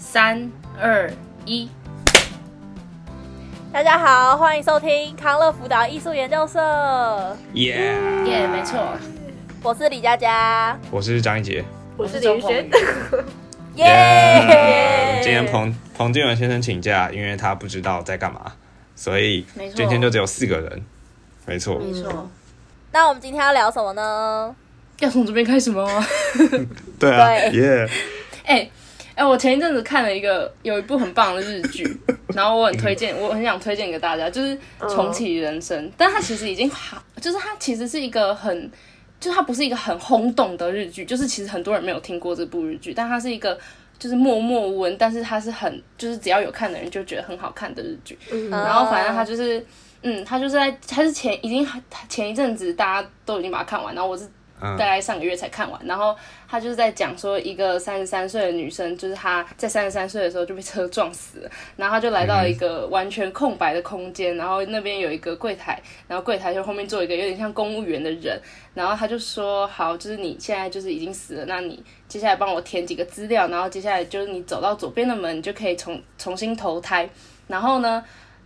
三二一，大家好，歡迎收聽康樂輔導藝術研究社。耶耶，沒錯，我是李佳佳，我是張一杰，我是林俊鵬。耶，今天彭彭靜文先生請假，因為他不知道在幹嘛，所以今天就只有四個人。沒錯沒錯，那我們今天要聊什麼呢？要從這邊開始嗎？對啊，耶，哎。哎、欸，我前一陣子看了一個有一部很棒的日劇， 然後我很推薦，我很想推薦給大家，就是重啟人生。Uh. 但它其實已經好，就是它其實是一個很，就是它不是一個很轟動的日劇，就是其實很多人沒有聽過這部日劇，但它是一個就是默默無聞，但是它是很，就是只要有看的人就覺得很好看的日劇。Uh. 然後反正它就是，嗯，它就是在它是前已經它前一陣子大家都已經把它看完，然後我是。大概上個月才看完，然後他就是在講說，一個三十三歲的女生，就是她在三十三歲的時候就被車撞死了，然後她就來到一個完全空白的空間，然後那邊有一個櫃台，然後櫃台就後面坐一個有點像公務員的人，然後他就說，好，就是你現在就是已經死了，那你接下來幫我填幾個資料，然後接下來就是你走到左邊的門，你就可以重重新投胎，然後呢？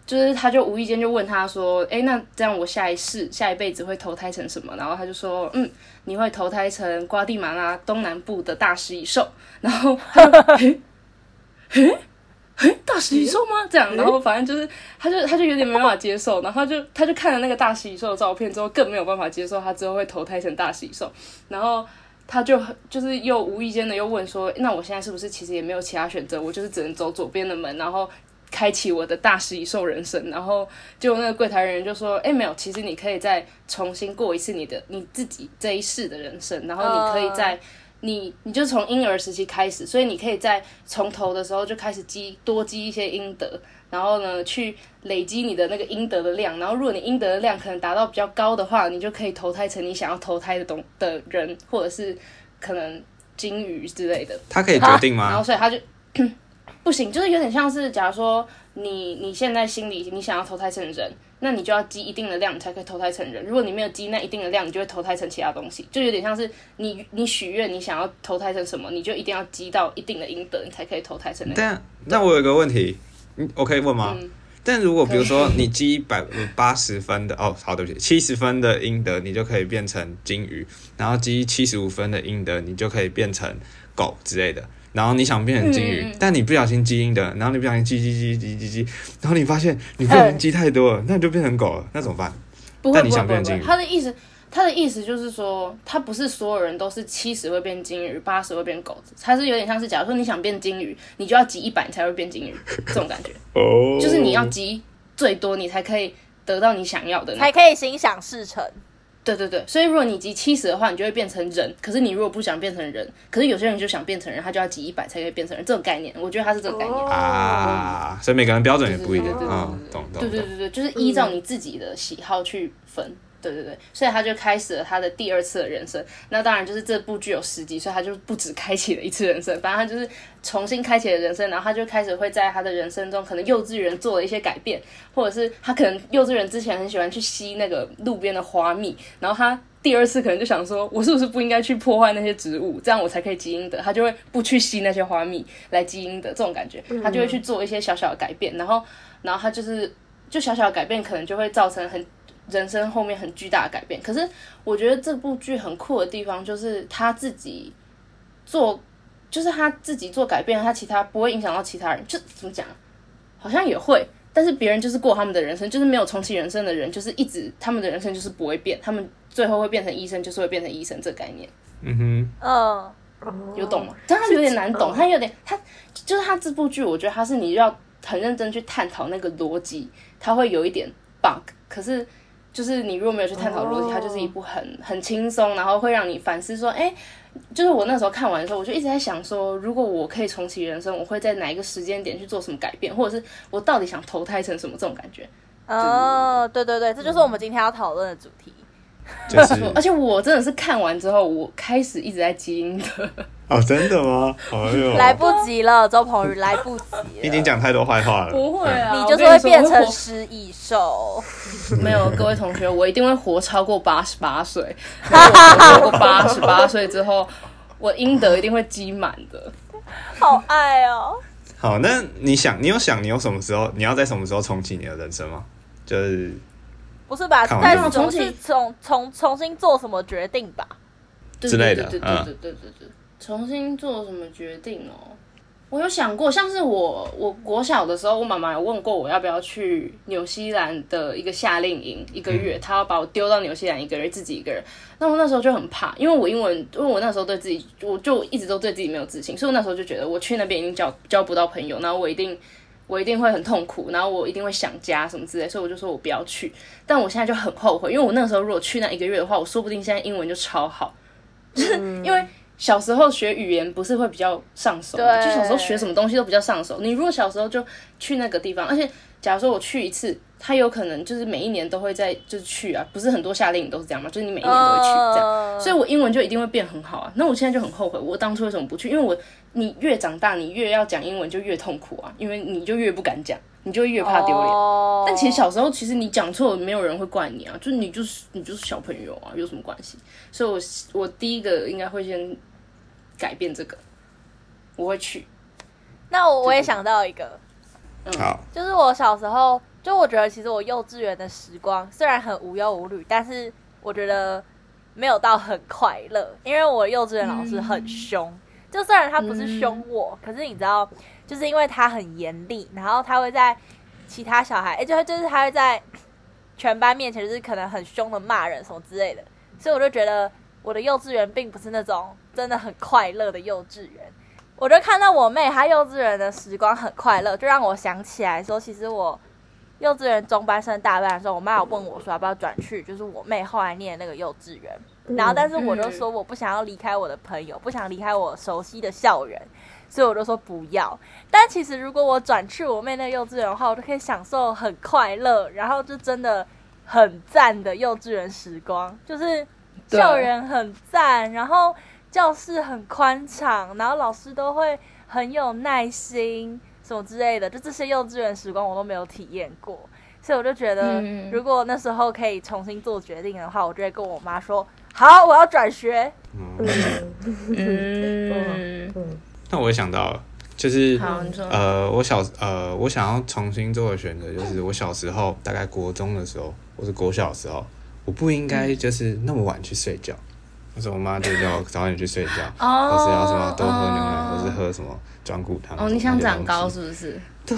就是他，就無意間就問他說：“誒、欸，那這樣我下一世、下一輩子會投胎成什麼？”然後他就說：“嗯，你會投胎成瓜地馬拉東南部的大食蟻獸。”然後他哈，誒、 欸，誒、欸欸，大食蟻獸嗎？欸、這樣？”然後反正就是，他就他就有點沒辦法接受，然後他就他就看了那個大食蟻獸的照片之後，更沒有辦法接受他之後會投胎成大食蟻獸。然後他就就是又無意間的又問說：“那我現在是不是其實也沒有其他選擇？我就是只能走左邊的門？”然後。開啟我的大食蟻獸人生，然後就那個櫃檯人員就說：“誒、欸，沒有，其實你可以再重新過一次你的你自己這一世的人生，然後你可以再、oh. 你你就從嬰兒時期開始，所以你可以再從頭的時候就開始積多積一些陰德，然後呢去累積你的那個陰德的量，然後如果你陰德的量可能達到比較高的話，你就可以投胎成你想要投胎的東的人，或者是可能金魚之類的。他可以決定嗎？然後所以他就。”不行，就是有點像是，假如說你你現在心裡你想要投胎成人，那你就要積一定的量你才可以投胎成人。如果你沒有積那一定的量，你就會投胎成其他東西。就有點像是你你許願你想要投胎成什麼，你就一定要積到一定的陰德，你才可以投胎成人。但對但那我有一個問題，嗯，我可以問嗎？嗯、但如果比如說你積一百八十 分的哦，好的，對不起，七十分的陰德，你就可以變成金魚，然後積七十五分的陰德，你就可以變成狗之類的。然後你想變成金魚，嗯、但你不小心基因的。然後你不小心積積積積積積，然後你發現你個人積太多了，欸、那你就變成狗了，那怎麼辦？但你想變成金魚。不會不會不會，他的意思它的意思就是說，他不是所有人都是七十會變金魚，八十會變狗子，他是有點像是假如說你想變金魚，你就要積一百才會變金魚 這種感覺，哦、就是你要積最多，你才可以得到你想要的，那個，才可以心想事成。對對對，所以如果你集七十的話，你就會變成人。可是你如果不想變成人，可是有些人就想變成人，他就要集一百才可以變成人。這種概念，我覺得他是這個概念啊。嗯，所以每個人標準也不一樣，對對，對對對對對，就是依照你自己的喜好去分。對對對，所以他就開始了他的第二次的人生。那當然就是這部劇有十集，所以他就不止開啟了一次人生，反正他就是重新開啟了人生。然後他就開始會在他的人生中，可能幼稚園做了一些改變，或者是他可能幼稚園之前很喜歡去吸那個路邊的花蜜，然後他第二次可能就想說，我是不是不應該去破壞那些植物，這樣我才可以積陰德？他就會不去吸那些花蜜來積陰德這種感覺，他就會去做一些小小的改變。然後，然後他就是就小小的改變，可能就會造成很。人生後面很巨大的改變，可是我覺得這部劇很酷的地方就是他自己做，就是他自己做改變，他其他不會影響到其他人。就怎麼講，好像也會，但是別人就是過他們的人生，就是沒有重啟人生的人，就是一直他們的人生就是不會變，他們最後會變成醫生，就是會變成醫生這個概念。嗯哼，mm，嗯，hmm，有懂嗎？但他有點難懂，他有點，他就是他這部劇，我覺得他是你要很認真去探討那個邏輯，他會有一點 bug，可是。就是你如果沒有去探討邏輯，oh. 它就是一部很很輕鬆，然後會讓你反思說，哎、欸，就是我那時候看完的時候，我就一直在想說，如果我可以重啟人生，我會在哪一個時間點去做什麼改變，或者是我到底想投胎成什麼這種感覺？哦，對對對，這就是我們今天要討論的主題。就、嗯、是說，而且我真的是看完之後，我開始一直在基因的。哦，真的嗎？哎呦，來不及了，周鵬宇，來不及了。 已經講太多壞話了，不會啊，嗯、你就是會變成食蟻獸。 沒有，各位同學，我一定會活超過八十八歲。哈哈，我活過八十八歲之後， 我陰德一定會積滿的。好愛哦。好，那你想，你有想，你有什麼時候，你要在什麼時候重啟你的人生嗎？就是不是吧？但是重新重重重新做什麼決定吧之類的。嗯、對，對，對，對對對對對對。重新做什麼決定哦？我有想過，像是我，我國小的時候，我媽媽有問過我要不要去紐西蘭的一個夏令營一個月，她、嗯、要把我丟到紐西蘭一個人自己一個人。那我那時候就很怕，因為我英文，因為我那時候對自己，我就一直都對自己沒有自信，所以我那時候就覺得我去那邊已經交交不到朋友，然後我一定我一定會很痛苦，然後我一定會想家什麼之類，所以我就說我不要去。但我現在就很後悔，因為我那時候如果去那一個月的話，我說不定現在英文就超好，就是、嗯、 因為。小時候學語言不是會比較上手，對就小時候學什麼東西都比較上手。你如果小時候就去那個地方，而且假如說我去一次，他有可能就是每一年都會在就是去啊，不是很多夏令營都是這樣嘛，就是你每一年都會去這樣。Oh. 所以我英文就一定會變很好啊。那我現在就很後悔，我當初為什麼不去？因為我你越長大，你越要講英文就越痛苦啊，因為你就越不敢講，你就越怕丟臉。Oh. 但其實小時候，其實你講錯了沒有人會怪你啊，就你就是你就是小朋友啊，有什麼關係？所以我，我我第一個應該會先。改變這個，我會去。那我我也想到一個，這個、嗯，好就是我小時候，就我覺得其實我幼稚園的時光雖然很無憂無慮，但是我覺得沒有到很快樂，因為我幼稚園老師很凶。嗯、就雖然他不是凶我，嗯、可是你知道，就是因為他很嚴厲，然後他會在其他小孩，欸、就就是他會在全班面前，就是可能很凶的罵人什麼之類的，所以我就覺得。我的幼稚園並不是那種真的很快樂的幼稚園，我就看到我妹她幼稚園的時光很快樂，就讓我想起來說，其實我幼稚園中班升大班的時候，我媽有問我說要不要轉去，就是我妹後來念那個幼稚園，嗯、然後但是我就說我不想要離開我的朋友，嗯、不想離開我熟悉的校園，所以我就說不要。但其實如果我轉去我妹那個幼稚園的話，我就可以享受很快樂，然後就真的很讚的幼稚園時光，就是。對教人很讚，然後教室很寬敞，然後老師都會很有耐心，什麼之類的，就這些幼稚園時光我都沒有體驗過，所以我就覺得，如果那時候可以重新做決定的話，嗯、我就會跟我媽說：“好，我要轉學。”嗯嗯嗯。那我也想到了，就是、嗯、呃，我小呃，我想要重新做的選擇就是我小時候，嗯、大概國中的時候或是國小的時候。我不應該就是那麼晚去睡覺，那時候我媽就叫我早點去睡覺，哦、或是要什麼多喝牛奶，哦、或是喝什麼壯骨湯。哦，你想長高是不是？對。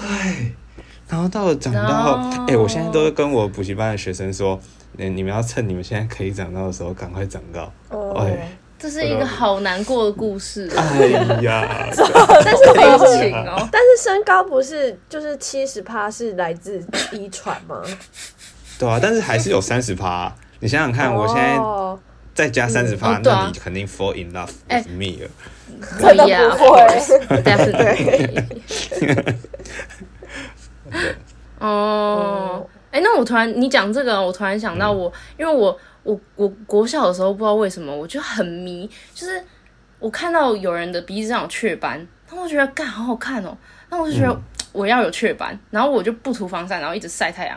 然後到了長高，哎後、欸，我現在都是跟我補習班的學生說，你、欸、你們要趁你們現在可以長高的時候，趕快長高。哦。欸、這是一個好難過的故事。哎呀。 但是沒有，請哦， 但是身高不是就是七十趴是來自遺傳嗎？對啊，但是還是有三十趴。你想想看，哦、我現在再加三十趴，嗯哦啊、那你肯定 fall in love with、欸、me 了，可以啊，definitely 哦，哎，那我突然你講這個，我突然想到我，嗯、因為我我我國小的時候不知道為什麼，我就很迷，就是我看到有人的鼻子上有雀斑，那我覺得幹好好看哦，那我就覺得我要有雀斑，嗯、然後我就不塗防，防曬，然後一直曬太陽。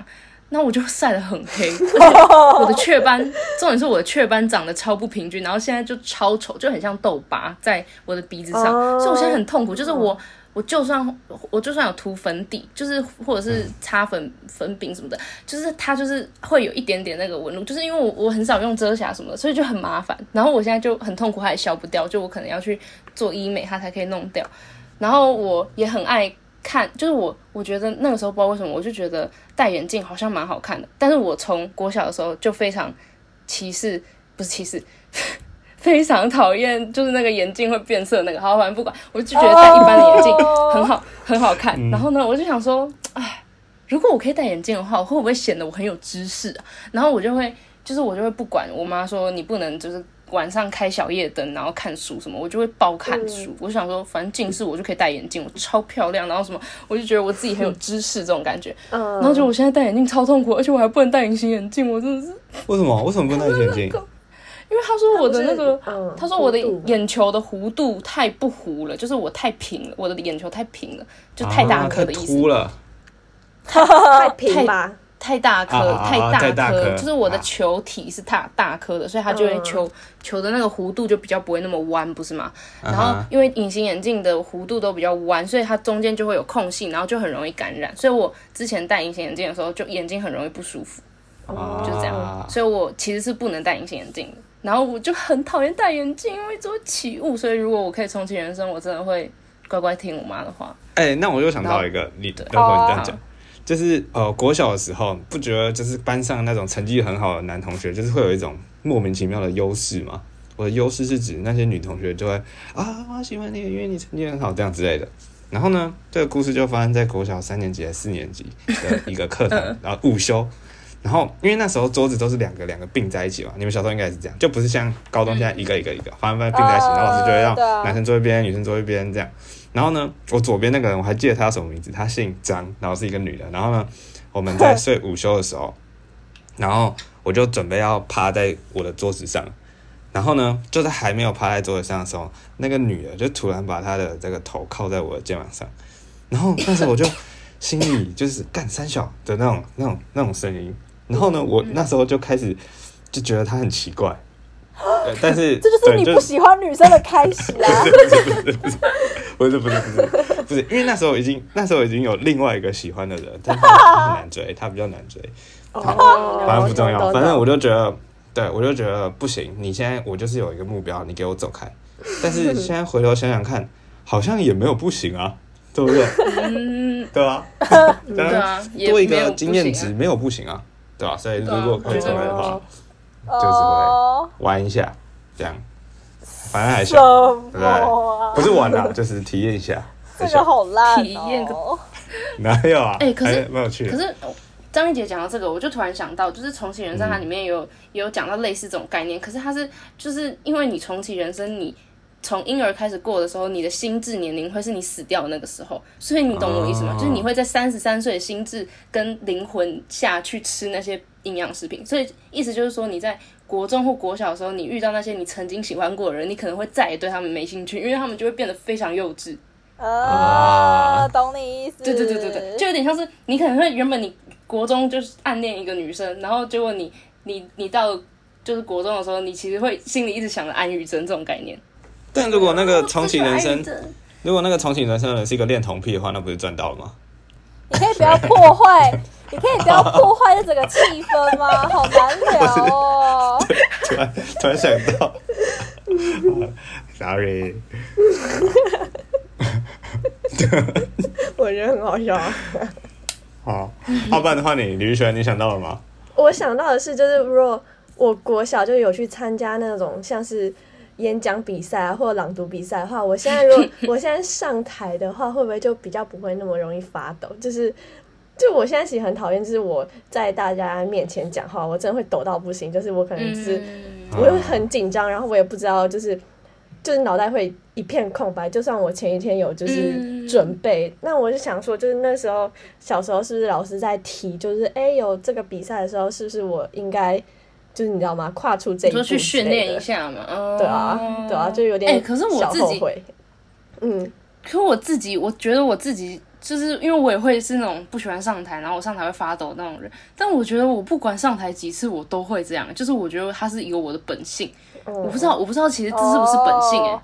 那我就曬得很黑，而且我的雀斑，重點是我的雀斑長得超不平均，然後現在就超醜，就很像痘疤在我的鼻子上，所以我現在很痛苦，就是我我就算我就算有塗粉底，就是或者是擦粉粉餅什麼的，就是它就是會有一點點那個紋路，就是因為我我很少用遮瑕什麼的，所以就很麻煩。然後我現在就很痛苦，還消不掉，就我可能要去做醫美，它才可以弄掉。然後我也很愛。看，就是我，我覺得那個時候不知道為什麼，我就覺得戴眼鏡好像蠻好看的。但是我從國小的時候就非常歧視，不是歧視，非常討厭，就是那個眼鏡會變色那個。好，反正不管，我就覺得戴一般的眼鏡很好，Oh. 很好看。然後呢，我就想說，哎，如果我可以戴眼鏡的話，會不會顯得我很有知識啊？然後我就會，就是我就會不管我媽說你不能，就是。晚上開小夜燈，然後看書什麼，我就會暴看書。嗯、我想說，反正近視我就可以戴眼鏡，我超漂亮，然後什麼，我就覺得我自己很有知識 這種感覺。然後就我現在戴眼鏡超痛苦，而且我還不能戴隱形眼鏡，我真的是。為什麼？為什麼不能戴隱形眼鏡？因為他說我的那個，嗯、他說我的眼球的弧度太不弧了，弧度就是我太平了，我的眼球太平了，就太大顆的意思。啊、太突了，太平了。太太大顆，太大顆，就是我的球體是太大顆的，所以它就會球球的那個弧度就比較不會那麼彎，不是嗎？然後因為隱形眼鏡的弧度都比較彎，所以它中間就會有空隙，然後就很容易感染。所以我之前戴隱形眼鏡的時候，就眼睛很容易不舒服，就是這樣。所以我其實是不能戴隱形眼鏡的。然後我就很討厭戴眼鏡，因為就會起霧。所以如果我可以重啟人生，我真的會乖乖聽我媽的話。哎，那我又想到一個，你的，等就是呃，國小的時候不覺得，就是班上那種成績很好的男同學，就是會有一種莫名其妙的優勢嘛。我的優勢是指那些女同學就會啊，我喜歡你，因為你成績很好這樣之類的。然後呢，這個故事就發生在國小三年級還是四年級的一個課堂， 然後午休。然後，因為那時候桌子都是兩個兩個並在一起嘛，你們小時候應該也是這樣，就不是像高中現在一個一個一個，反正、嗯、並在一起。然後老師就會讓男生坐一邊，嗯、女生坐一邊這樣。然後呢，我左邊那個人我還記得他叫什麼名字，他姓張，然後是一個女的。然後呢，我們在睡午休的時候，啊、然後我就準備要趴在我的桌子上，然後呢，就在還沒有趴在桌子上的時候，那個女的就突然把她的這個頭靠在我的肩膀上，然後那時候我就心裡就是幹三小的那種那種那種聲音。然後呢，我那時候就開始就覺得他很奇怪，對，但是這就是你不喜歡女生的開始啊。不是不是不是不是，因為那時候已經那時候已經有另外一個喜歡的人，但是很難追，他比較難追。反正不重要，反正我就覺得，對我就覺得不行。你現在我就是有一個目標，你給我走開。但是現在回頭想想看，好像也沒有不行啊，對不對？對啊，對啊，多一個經驗值沒有不行啊。對吧？所以如果可以重來的話，就是玩一下。這樣，反正還行，對不對？不是玩啊，就是體驗一下。這個好爛哦。體驗。哪有啊？哎，可是蠻有趣的。可是張明姐講到這個，我就突然想到，就是重啟人生，它裡面有有講到類似這種概念。可是它是，就是因為你重啟人生，你。從嬰兒開始過的時候，你的心智年齡會是你死掉的那個時候，所以你懂我意思嗎？Oh. 就是你會在三十三歲的心智跟靈魂下去吃那些營養食品，所以意思就是說，你在國中或國小的時候，你遇到那些你曾經喜歡過的人，你可能會再也對他們沒興趣，因為他們就會變得非常幼稚。啊，oh, oh. 懂你意思。對對對對對，就有點像是你可能會原本你國中就是暗戀一個女生，然後結果你你你到就是國中的時候，你其實會心裡一直想着安雨珍這種概念。那如果那個重啟人生，嗯、如果那個重啟人生的人是一個戀童癖的話，那不是賺到了嗎？你可以不要破壞， 你可以不要破壞這整個氣氛嗎？好難聊哦。突然突然想到 ，sorry， 我覺得很好笑。好，要不然的話你，你李宇璇？你想到了嗎？我想到的是，就是如果我國小就有去參加那種像是。演講比賽啊，或者朗讀比賽的話，我現在如果我現在上台的話， 會不會就比較不會那麼容易發抖？就是，就我現在其實很討厭，就是我在大家面前講話，我真的會抖到不行。就是我可能、就是、嗯、我會很緊張，然後我也不知道、就是，就是就是腦袋會一片空白。就算我前一天有就是準備，嗯、那我就想說，就是那時候小時候是不是老師在提，就是哎、欸、有這個比賽的時候，是不是我應該？就是你知道嗎？跨出這一步說，去訓練一下嘛，對啊，嗯、對啊，對啊，就有點、欸、可是我自己，嗯，可是我自己，我覺得我自己，就是因為我也會是那種不喜歡上台，然後我上台會發抖那種人。但我覺得我不管上台幾次，我都會這樣。就是我覺得他是有我的本性，嗯、我不知道，我不知道，其實這是不是本性、欸？嗯嗯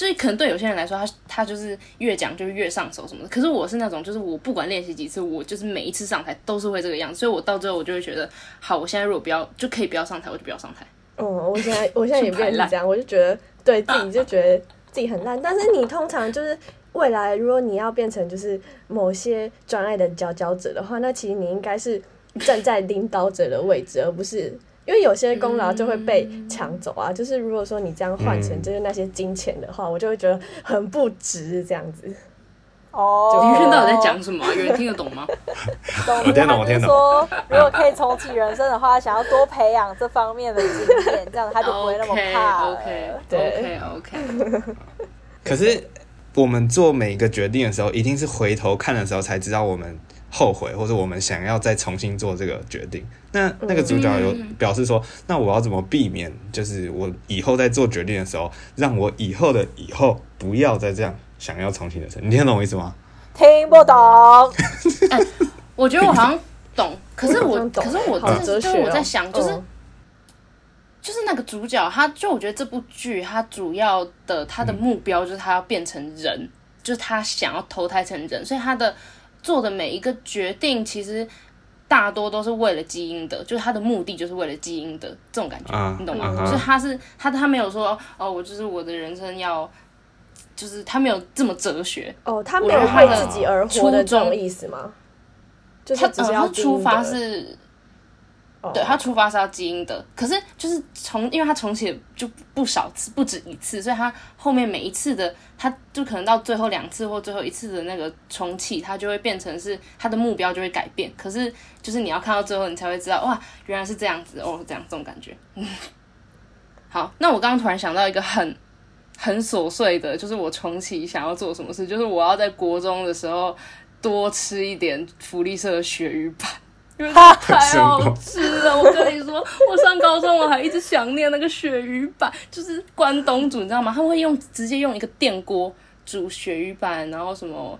所以可能對有些人來說他，他他就是越講就越上手什麼的。可是我是那種，就是我不管練習幾次，我就是每一次上台都是會這個樣子。所以我到最後，我就會覺得，好，我現在如果不要，就可以不要上台，我就不要上台。嗯、哦，我現在我現在也不會講， 我就覺得對自己就覺得自己很爛。但是你通常就是未來，如果你要變成就是某些專案的佼佼者的話，那其實你應該是站在領導者的位置， 而不是。因為有些功勞就會被搶走啊！就是如果說你這樣換成就是那些金錢的話，我就會覺得很不值這樣子。哦，你聽到我在講什麼？有人聽得懂嗎？我聽懂，我聽懂。說如果可以重啟人生的話，想要多培養這方面的經驗，這樣他就不會那麼怕。OK，對，OK，OK。可是我們做每一個決定的時候，一定是回頭看的時候才知道我們。後悔，或者我們想要再重新做這個決定。那那個主角有表示說：“嗯、那我要怎麼避免？就是我以後在做決定的時候，讓我以後的以後不要再這樣想要重新的生。”你聽懂我意思嗎？聽不懂、 欸。我覺得我好像懂， 可是我可是我就是我在想，就是、哦嗯、就是那個主角，他就我覺得這部劇他主要的他的目標就是他要變成人，嗯、就是他想要投胎成人，所以他的。做的每一個決定，其實大多都是為了基因的，就是他的目的就是為了基因的這種感覺，uh, 你懂嗎？就是、uh huh. 他是他他沒有說哦，我就是我的人生要，就是他沒有這麼哲學哦，他沒有為了自己而活的這種意思嗎？他只要出發是。對，oh, okay. 它出發是要基因的，可是就是從，因為它重啟就不少次，不止一次，所以它後面每一次的，它就可能到最後兩次或最後一次的那個重啟，它就會變成是它的目標就會改變。可是就是你要看到最後，你才會知道，哇，原來是這樣子哦，這樣這種感覺。嗯， 好，那我剛剛突然想到一個很很瑣碎的，就是我重啟想要做什麼事，就是我要在國中的時候多吃一點福利社的鱈魚排。它太好吃了！什麼？我跟你說，我上高中我還一直想念那個鱈魚板，就是關東煮，你知道嗎？他們會用直接用一個電鍋煮鱈魚板，然後什麼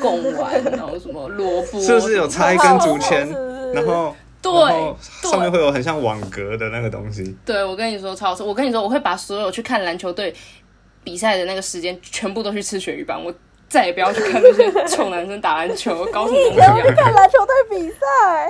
貢丸，然後什麼蘿蔔，是不是有插一根竹籤？然後對，然後上面會有很像網格的那個東西。對，對，我跟你說超好吃！我跟你說，我會把所有去看籃球隊比賽的那個時間，全部都去吃鱈魚板。我。再也不要去看那些臭男生打籃球， 高中同學看籃球隊比賽。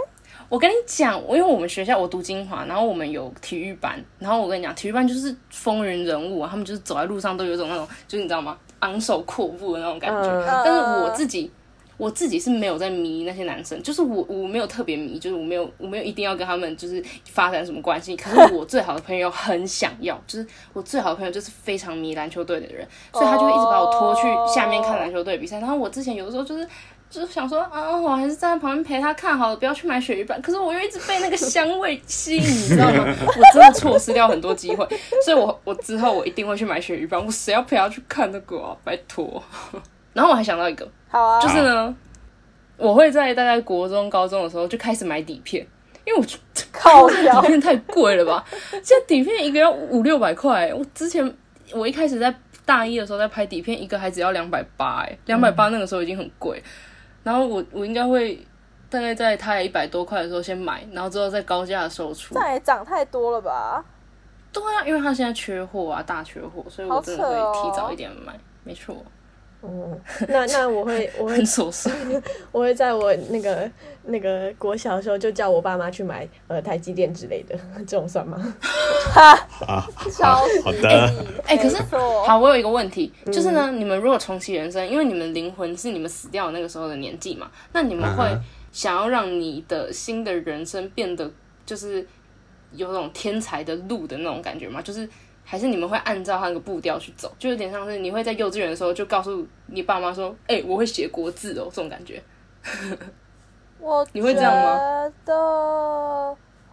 我跟你講，因為我們學校我讀精華，然後我們有體育班，然後我跟你講，體育班就是風雲人物，啊，他們就是走在路上都有種那種，就是你知道嗎？昂首闊步的那種感覺。Uh, 但是我自己。我自己是沒有在迷那些男生，就是我我沒有特別迷，就是我沒有我沒有一定要跟他們就是發展什麼關係。可是我最好的朋友很想要，就是我最好的朋友就是非常迷籃球隊的人，所以他就會一直把我拖去下面看籃球隊比賽。Oh. 然後我之前有的時候就是就是想說啊，我還是站在旁邊陪他看好了，不要去買鱈魚板。可是我又一直被那個香味吸引， 你知道嗎？我真的錯失掉很多機會。所以我，我我之後我一定會去買鱈魚板，我誰要陪他去看那個啊？拜托。然後我還想到一個，啊、就是呢，啊、我會在大概國中、高中的時候就開始買底片，因為我靠小，得 底片太貴了吧？ 現在底片一個要五六百塊、欸，我之前我一開始在大一的時候在拍底片，一個還只要兩百八、欸，兩百八、嗯、那個時候已經很貴。然後我我應該會大概在它也一百多塊的時候先買，然後之後再高價售出。那也漲太多了吧？對啊，因為它現在缺貨啊，大缺貨，所以我真的會提早一點買。哦、沒錯。哦、嗯，那那我會我會，很我會在我那個那個國小的時候就叫我爸媽去買呃台積電之類的，這種算嗎？哈。超實際。哎、欸，欸，可是，嗯、好，我有一個問題，就是呢，嗯、你們如果重啟人生，因為你們靈魂是你們死掉那個時候的年紀嘛，那你們會想要讓你的新的人生變得就是有那種天才的路的那種感覺嗎？就是。還是你們會按照他那個步調去走，就有點像是你會在幼稚園的時候就告訴你爸媽說：“哎、欸，我會寫國字哦。”這種感覺， 我覺得你會這樣嗎？我覺得，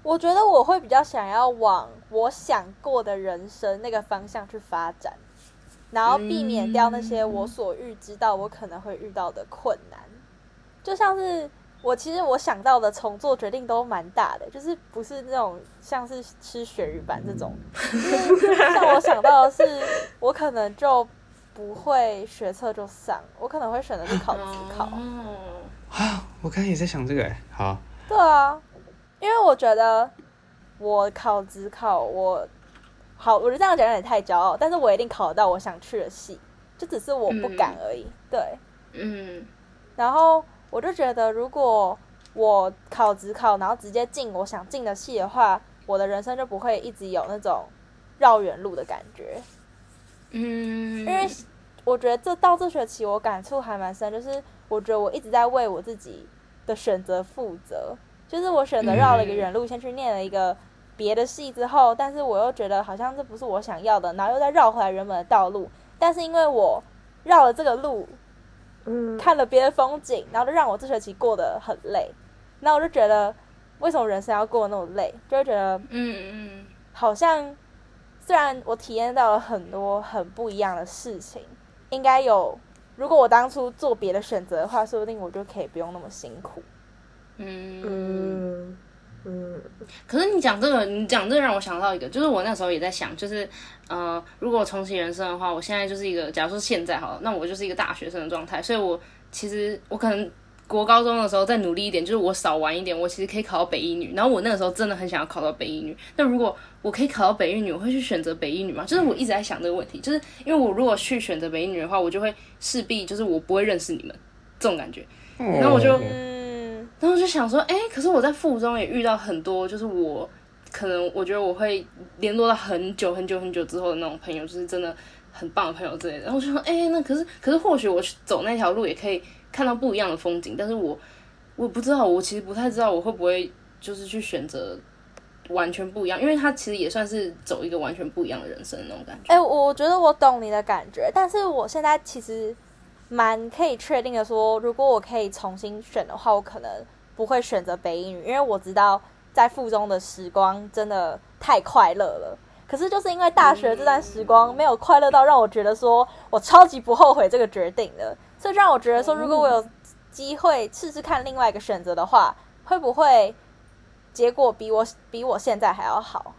我覺得我會比較想要往我想過的人生那個方向去發展，然後避免掉那些我所預知到我可能會遇到的困難，就像是。我其實我想到的重做決定都蠻大的，就是不是那種像是吃鱈魚板這種，嗯、 像我想到的是，我可能就不會學測就上，我可能會選擇去考指考。啊，我剛才也在想這個、欸，哎，好。對啊，因為我覺得我考指考，我好，我就這樣講有點太驕傲，但是我一定考得到我想去的系，就只是我不敢而已。嗯、對，嗯，然後。我就覺得，如果我考指考，然後直接進我想進的系的話，我的人生就不會一直有那種繞遠路的感覺。嗯，因為我覺得這到這學期我感觸還蠻深，就是我覺得我一直在為我自己的選擇負責，就是我選擇繞了一個遠路，嗯、先去念了一個別的系之後，但是我又覺得好像這不是我想要的，然後又再繞回來原本的道路，但是因為我繞了這個路。看了別的風景，然後就讓我這學期過得很累，那我就覺得，為什麼人生要過得那麼累？就會覺得，嗯嗯，好像雖然我體驗到了很多很不一樣的事情，應該有，如果我當初做別的選擇的話，說不定我就可以不用那麼辛苦。嗯。嗯嗯，可是你講這個，你講這個讓我想到一個，就是我那時候也在想，就是，呃，如果我重啟人生的話，我現在就是一個，假如說現在好了，那我就是一個大學生的狀態，所以我其實我可能國高中的時候再努力一點，就是我少玩一點，我其實可以考到北一女，然後我那個時候真的很想要考到北一女。那如果我可以考到北一女，我會去選擇北一女嗎？就是我一直在想這個問題，就是因為我如果去選擇北一女的話，我就會勢必就是我不會認識你們這種感覺，嗯，然後我就。嗯然後就想說，哎、欸，可是我在附中也遇到很多，就是我可能我覺得我會聯絡到很久很久很久之後的那種朋友，就是真的很棒的朋友之類的。然後我就說，哎、欸，那可是可是或許我去走那條路也可以看到不一樣的風景，但是我我不知道，我其實不太知道我會不會就是去選擇完全不一樣，因為他其實也算是走一個完全不一樣的人生的那種感覺。哎、欸，我覺得我懂你的感覺，但是我現在其實蠻可以確定的說，如果我可以重新選的話，我可能。不會選擇北一女，因為我知道在附中的時光真的太快樂了。可是就是因為大學這段時光沒有快樂到讓我覺得說我超級不後悔這個決定的，這讓我覺得說，如果我有機會試試看另外一個選擇的話，會不會結果比我比我現在還要好？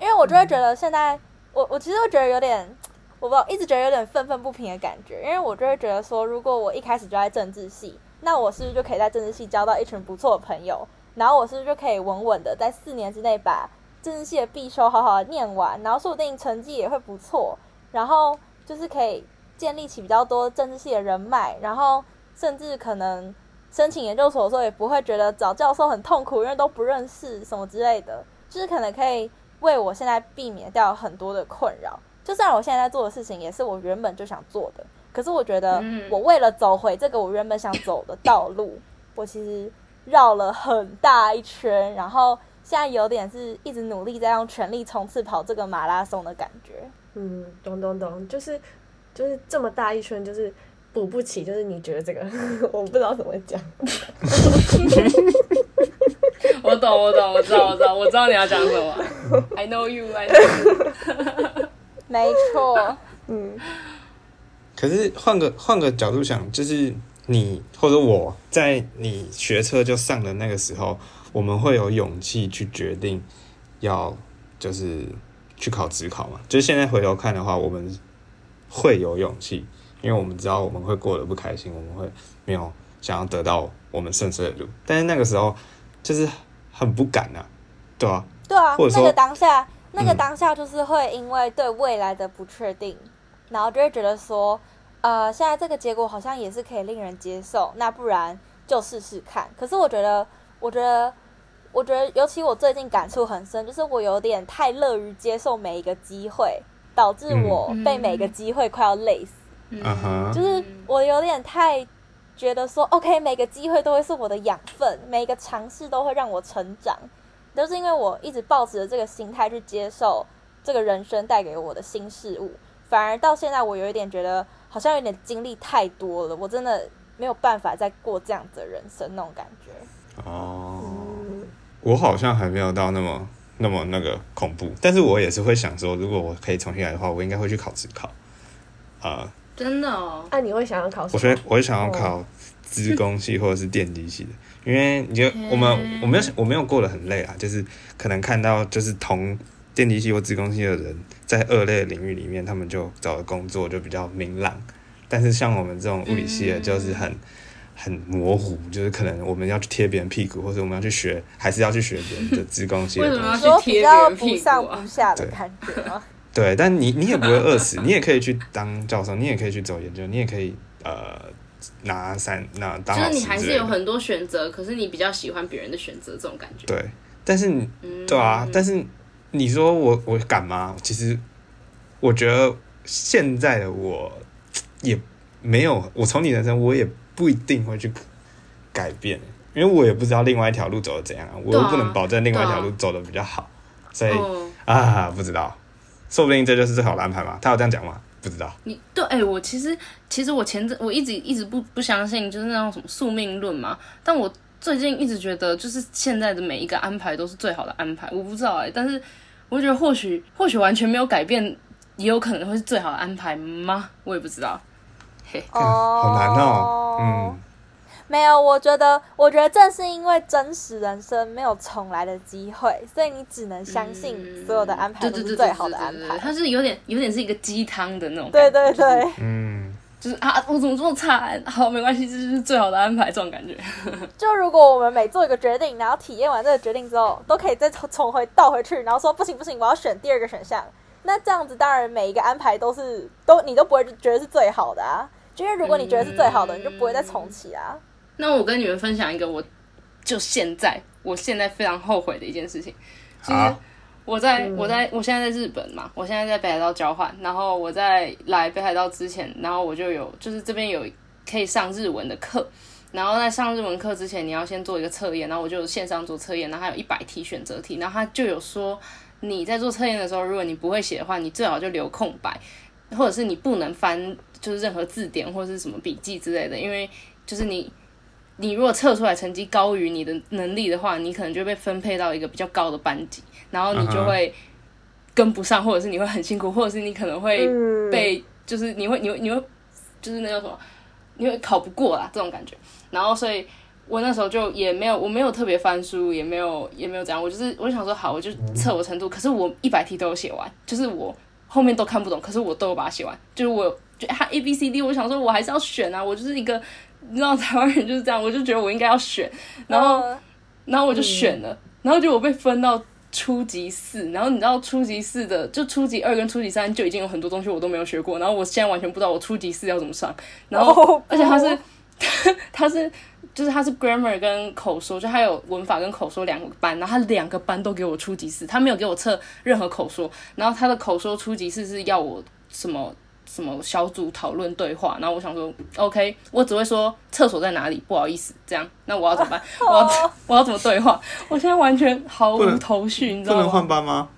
因為我就會覺得現在我我其實會覺得有點我不知道，一直覺得有點憤憤不平的感覺，因為我就會覺得說，如果我一開始就在政治系。那我是不是就可以在政治系交到一群不錯的朋友？然後我是不是就可以穩穩的在四年之內把政治系的必修好好的念完？然後說不定成績也會不錯。然後就是可以建立起比較多政治系的人脈，然後甚至可能申請研究所的時候也不會覺得找教授很痛苦，因為都不認識什麼之類的。就是可能可以為我現在避免掉很多的困擾。就算我現在在做的事情，也是我原本就想做的。可是我覺得，我為了走回這個我原本想走的道路，嗯、我其實繞了很大一圈，然後現在有點是一直努力在用全力衝刺跑這個馬拉松的感覺。嗯，懂懂懂，就是就是這麼大一圈，就是補不起，就是你覺得這個，我不知道怎麼講。 我懂，我懂，我知道，我知道，我知道你要講什麼。I know you, I know you。 沒錯，嗯。可是換個換個角度想，就是你或者我在你學測就上的那個時候，我們會有勇氣去決定要就是去考指考嘛？就現在回頭看的話，我們會有勇氣，因為我們知道我們會過得不開心，我們會沒有想要得到我們勝訴的路。但是那個時候就是很不敢吶、啊，對啊對啊那。或者說那個當下，那個當下，就是會因為對未來的不確定。嗯。然後就會覺得說，呃，現在這個結果好像也是可以令人接受，那不然就試試看。可是我覺得，我覺得，我覺得，尤其我最近感觸很深，就是我有點太樂於接受每一個機會，導致我被每個機會快要累死。嗯，嗯，嗯，就是我有點太覺得說，OK，嗯，每個機會都會是我的養分，每個嘗試都會讓我成長，都、就是因為我一直抱持着這個心態去接受這個人生帶給我的新事物。反而到現在，我有一點覺得好像有點經歷太多了，我真的沒有辦法再過這樣子的人生那種感覺。哦，我好像還沒有到那麼那麼那個恐怖，但是我也是會想說，如果我可以重新來的話，我應該會去考指考。啊、呃，真的哦？那你會想要考？我覺得我會想要考資工系或者是電機系的， 因為你就我們我沒有我沒有過得很累啊，就是可能看到就是同電機系或資工系的人。在二類的領域裡面，他們就找的工作就比較明朗，但是像我們這種物理系的，就是很、嗯、很模糊，就是可能我們要去貼別人屁股，或者我們要去學，還是要去學別人的資工系？為什麼說貼別人屁股對，但你你也不會餓死，你也可以去當教授，你也可以去走研究，你也可以呃拿三拿當。就是你還是有很多選擇，可是你比較喜歡別人的選擇這種感覺。對，但是你對啊，嗯嗯，但是。你說我我敢嗎？其實我覺得現在的我也沒有，我從你的人生我也不一定會去改變，因為我也不知道另外一條路走的怎樣，啊，我又不能保證另外一條路走的比較好，啊，所以，哦，啊不知道，說不定這就是最好的安排嘛。他有這樣講嗎？不知道。你對，誒、欸，我其實其實我前陣我一直一直不不相信就是那種什麼宿命論嘛，但我。最近一直覺得，就是現在的每一個安排都是最好的安排。我不知道哎、欸，但是我覺得或許或許完全沒有改變，也有可能會是最好的安排嗎？我也不知道。嘿、hey.，oh, 好難哦。嗯、沒有，我覺得我覺得正是因為真實人生沒有重來的機會，所以你只能相信所有的安排都是最好的安排。嗯、對對對對對，它是有點有點是一個雞湯的那種感覺。對對對。嗯。就是啊，我怎麼這麼慘？好，沒關係，這就是最好的安排，這種感覺。 就如果我們每做一個決定，然後體驗完這個決定之後，都可以再重回倒回去，然後說不行不行，我要選第二個選項。那這樣子當然每一個安排都是都你都不會覺得是最好的啊，因為如果你覺得是最好的，嗯、你就不會再重啟啊。那我跟你們分享一個，我就現在我現在非常後悔的一件事情，啊、其實。我在我在我現在在日本嘛，我現在在北海道交換。然後我在來北海道之前，然後我就有就是這邊有可以上日文的課。然後在上日文課之前，你要先做一個測驗。然後我就線上做測驗，然後還有一百題選擇題。然後它就有說，你在做測驗的時候，如果你不會寫的話，你最好就留空白，或者是你不能翻就是任何字典或者是什麼筆記之類的，因為就是你。你如果測出來成績高於你的能力的話，你可能就被分配到一個比較高的班級，然後你就會跟不上，或者是你會很辛苦，或者是你可能會被就是你會你會，你會，你會就是那叫什麼，你會考不過啦這種感覺。然後所以，我那時候就也沒有，我沒有特別翻書，也沒有也沒有這樣，我就是我想說，好，我就測我程度。可是我一百題都有寫完，就是我後面都看不懂，可是我都有把它寫完，就是我就還 A B C D，我想說我還是要選啊，我就是一個。你知道台灣人就是這樣，我就覺得我應該要選，然後，啊、然後我就選了，嗯、然後就我被分到初級四，然後你知道初級四的就初級二跟初級三就已經有很多東西我都沒有學過，然後我現在完全不知道我初級四要怎麼上，然後、哦、而且他是，哦、 他是就是他是 grammar 跟口說，就他有文法跟口說兩個班，然後他兩個班都給我初級四，他沒有給我測任何口說，然後他的口說初級四是要我什麼？什麼小組討論對話？然後我想說，OK，我只會說廁所在哪裡，不好意思，這樣，那我要怎麼辦？我要我要怎麼對話？我現在完全毫無頭緒，能你知道嗎？不能換班嗎？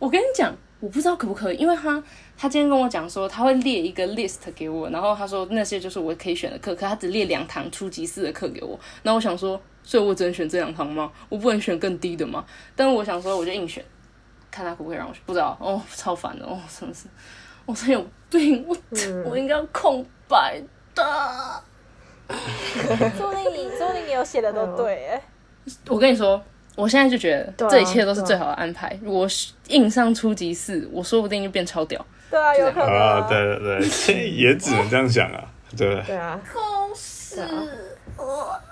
我跟你講，我不知道可不可以，因為他他今天跟我講說他會列一個 list 給我，然後他說那些就是我可以選的課，可他只列兩堂初級四的課給我。那我想說，所以我只能選這兩堂嗎？我不能選更低的嗎？但我想說，我就硬選，看他會不會讓我選，不知道。哦，超煩的，哦，真是，我、哦、所以。對，我我應該空白的。周 寧，你,你有寫的都對哎、欸。我跟你說，我現在就覺得這一切都是最好的安排。啊啊、如果硬上初級四，我說不定就變超屌。對啊，有可能、啊啊。對對對，也只能這樣想啊。 對。對啊。是我對,、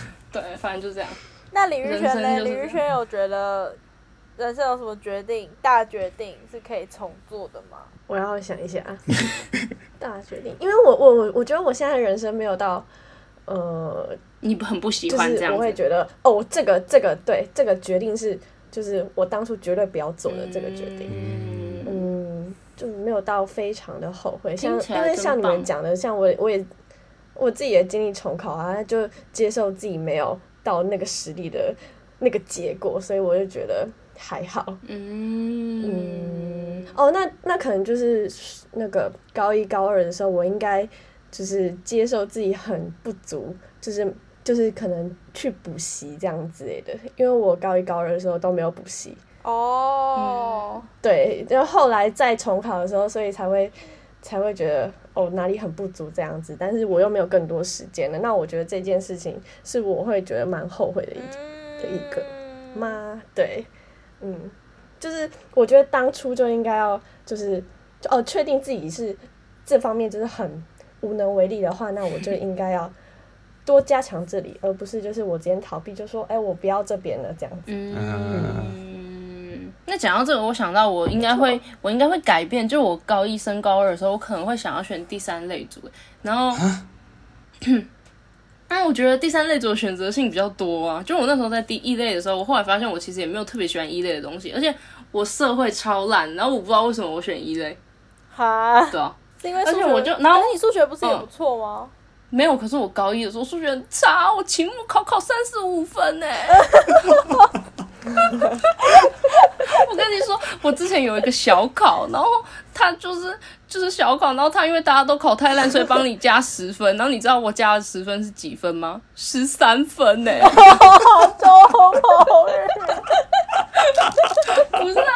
啊、 對，反正就是這樣。那李玉軒呢？就是、李玉軒有覺得人生有什麼決定、大決定是可以重做的嗎？我要想一下 大決定，因為我我我我覺得我現在的人生沒有到呃，你不很不喜歡這樣子，就是我會覺得哦，這個這個對這個決定是就是我當初絕對不要做的，嗯、這個決定，嗯，就沒有到非常的後悔，起像因為像你們講的，像我我也我自己也經歷重考啊，就接受自己沒有到那個實力的那個結果，所以我就覺得。還好，嗯嗯哦，那那可能就是那個高一高二的時候，我應該就是接受自己很不足，就是就是可能去補習這樣子類的，因為我高一高二的時候都沒有補習哦、嗯，對，然後來再重考的時候，所以才會才會覺得哦哪裡很不足這樣子，但是我又沒有更多時間了，那我覺得這件事情是我會覺得蠻後悔的一個、嗯、的一個嗎？對。嗯，就是我覺得當初就應該要就是哦，確定自己是這方面就是很無能為力的話，那我就應該要多加強這裡， 而不是就是我直接逃避，就說哎、欸，我不要這邊了這樣子。嗯，嗯嗯，那講到這個，我想到我應該會，錯我應該會改變，就我高一升高二的時候，我可能會想要選第三類組，然後。蛤 哎，我覺得第三類組的選擇性比較多啊。就我那時候在第一類的時候，我後來發現我其實也沒有特別喜歡一類的東西，而且我社會超爛。然後我不知道為什麼我選一類。好哈，對啊，是因為而且我就，然後你數學不是也不錯嗎？欸不不嗎，嗯？沒有，可是我高一的時候數學很差，我期末考考三十五分呢、欸。 我跟你說，我之前有一個小考，然後他就是就是小考，然後他因為大家都考太爛，所以幫你加十分。然後你知道我加了十分是幾分嗎？十三分呢！好中，好愚。不是啊，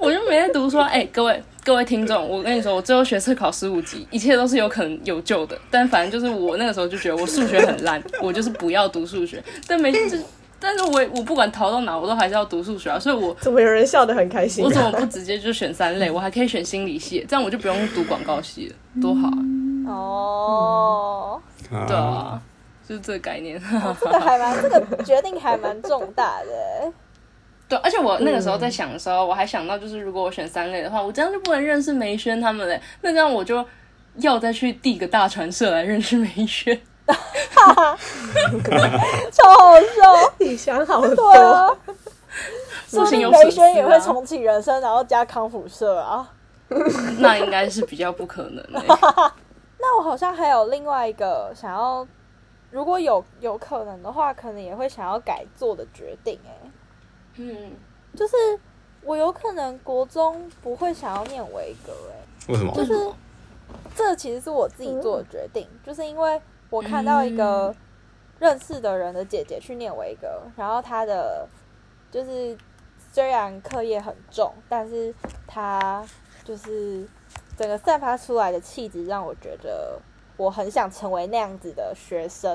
我就每天讀說，哎、欸，各位各位聽眾，我跟你說，我最後學測考十五級，一切都是有可能有救的。但反正就是我那個時候就覺得我數學很爛，我就是不要讀數學。但每次就。但是我，我不管逃到哪，我都還是要讀數學、啊，所以我，我怎麼有人笑得很開心、啊？我怎麼不直接就選三類？我還可以選心理系，這樣我就不用讀廣告系了，多好、啊、哦，對啊，就是這個概念。哦、 這個還蠻，這個決定還蠻重大的。 對，而且我那個時候在想的時候，我還想到就是，如果我選三類的話，我這樣就不能認識梅軒他們嘞？那這樣我就要再去第一個大傳社來認識梅軒。哈哈，超好笑！你想好多，是不是雷軒也會重啟人生，然後加康輔社啊？ 那應該是比較不可能、欸。 那我好像還有另外一個想要，如果有有可能的話，可能也會想要改做的決定、欸。哎，嗯，就是我有可能國中不會想要念薇閣、欸。哎，為什麼？就是這個、其實是我自己做的決定，嗯、就是因為。我看到一個認識的人的姐姐去念薇閣，然後她的就是雖然課業很重，但是她就是整個散發出來的氣質讓我覺得我很想成為那樣子的學生。